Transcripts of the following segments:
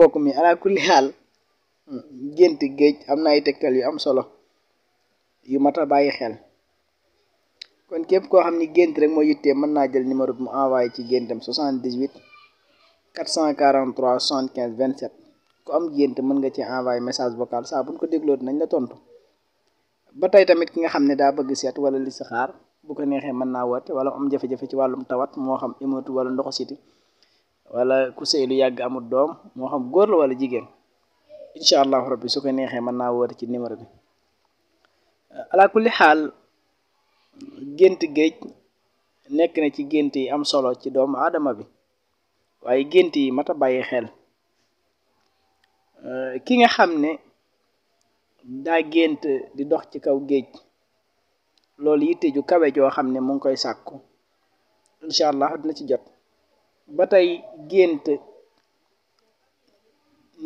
mbokk mi ala kulli gént géej am na ay tegtal yu am solo yu mat a bàyyi xel kon képp koo xam ni gént rek moo yittee mën naa jël numéro bi mu envoyé ci géntam 78 443 75 27 ku am gént mën nga ci envoyé message vocal saa buñ ko dégloo nañ la tontu ba tey tamit ki nga xam ne daa bëgg seet wala listixaar bu ko neexee mën naa woote wala am jafe-jafe ci wàllum tawat moo xam émeute wala ndoxo siti wala ku sëy lu yàgg amul doom moo xam góor la walla jigéen incha allahu rabbi su ko neexee man naa woote ci numéro bi ala xaal gént géej nekk na ci gént yi am solo ci doomu aadama bi waaye gént yi mat a bàyyi xel ki nga xam ne daa gént di dox ci kaw géej loolu yitte ju kawe joo xam ne mu ngi koy sàkku incha allah dina ci jot ba tey gént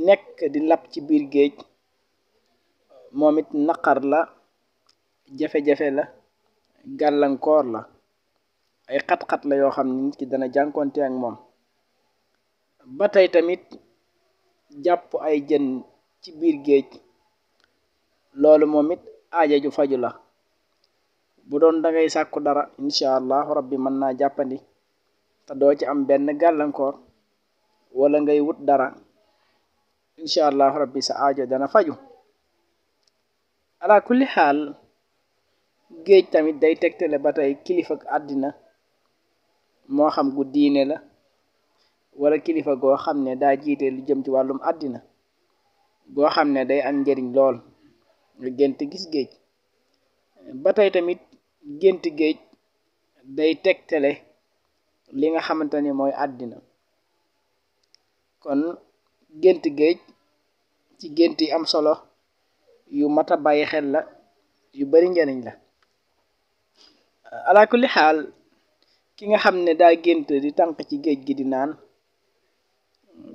nekk di lap ci biir géej moom naqar la jafe-jafe la gàllankoor la ay xat-xat la yoo xam ni nit ki dana jànkonte ak moom ba tey tamit jàpp ay jën ci biir géej loolu moom aaja ju faju la bu doon dangay sàkku dara incha allahu rabbi mën naa jàppandi te doo ci am benn gàllankoor walla ngay wut dara incha allah rabbi sa aajo dana faju ala kulli xaal géej tamit day tegtale ba tey kilifa àddina moo xam gu diine la walla kilifa goo xam ne daa jiite lu jëm ci wàllum àddina goo xam ne day am njariñ lool nga gént gis géej ba tey tamit gént géej day tegtale li nga xamante ni adina kon genti geej ci genti am solo yu mata baye xel la yu bari njariñ la ala kulli hal ki nga xamne da genti di tank ci geej gi di naan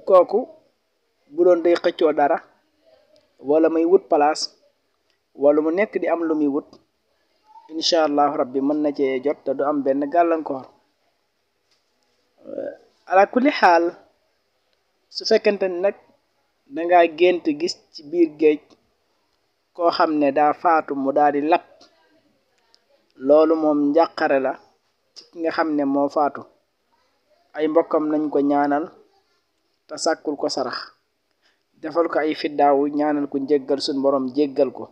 koku bu doon day xëccoo dara wala may wut place wala mu nekk di am lu muy wut inshallah rabbi man na ci jot te du am ben galankor ala xaal su fekkente ni nag danga gént gis ci biir géej koo xam ne daa faatu mu daal di lakk loolu moom njàqare la ki nga xam ne moo faatu ay mbokkam lañ ko ñaanal te sàkkul ko sarax defal ko ay fiddaawu ñaanal ko njéggal suñ boroom jéggal ko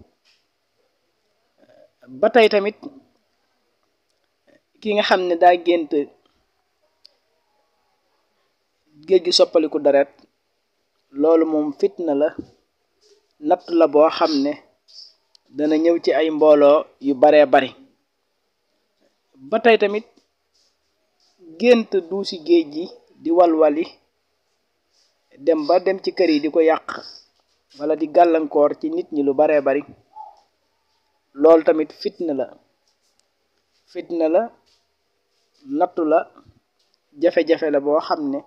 ba tey tamit ki nga xam ne daa gént géej gi soppaliku deret loolu moom fitna la natt la boo xam ne dana ñëw ci ay mbooloo yu baree bari ba tey tamit gént duusi géej gi di walwali dem ba dem ci kër yi di ko yàq wala di gàllankoor ci nit ñi lu baree bari loolu tamit fitna la fitna la nattu la jafe-jafe la boo xam ne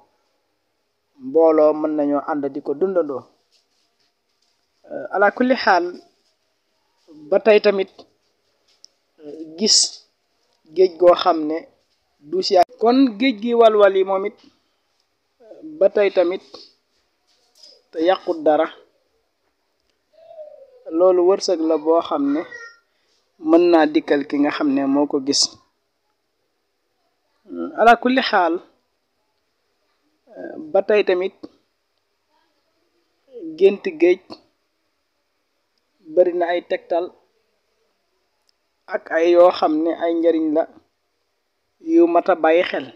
mbooloo mën nañoo ànd di ko dundandoo eh, ala kulli xaal ba tey tamit eh, gis géej goo xam ne du siyaat kon géej gi walwal yi moom it eh, ba tey tamit te yàqut dara loolu wërsëg la boo xam ne mën naa dikkal ki nga xam ne moo ko gis ala kulli xaal ba tey tamit gént géej bari na ay tegtal ak ay yoo xam ne ay njariñ la yu mata bàyyi xel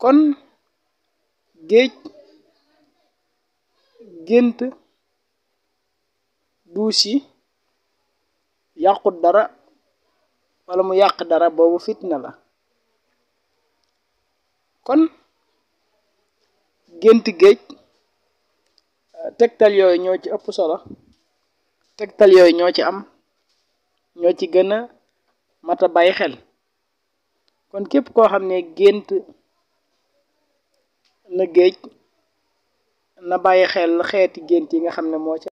kon géej gént duus yi yàqut dara wala mu yàq dara boobu fitna la kon gént géej euh, tegtal yooyu ñoo ci ëpp solo tegtal yooyu ñoo ci am ñoo ci gën a mat a bàyyi xel kon képp koo xam ne gént na géej na bàyyi xel xeeti gént yi nga xam ne moo ci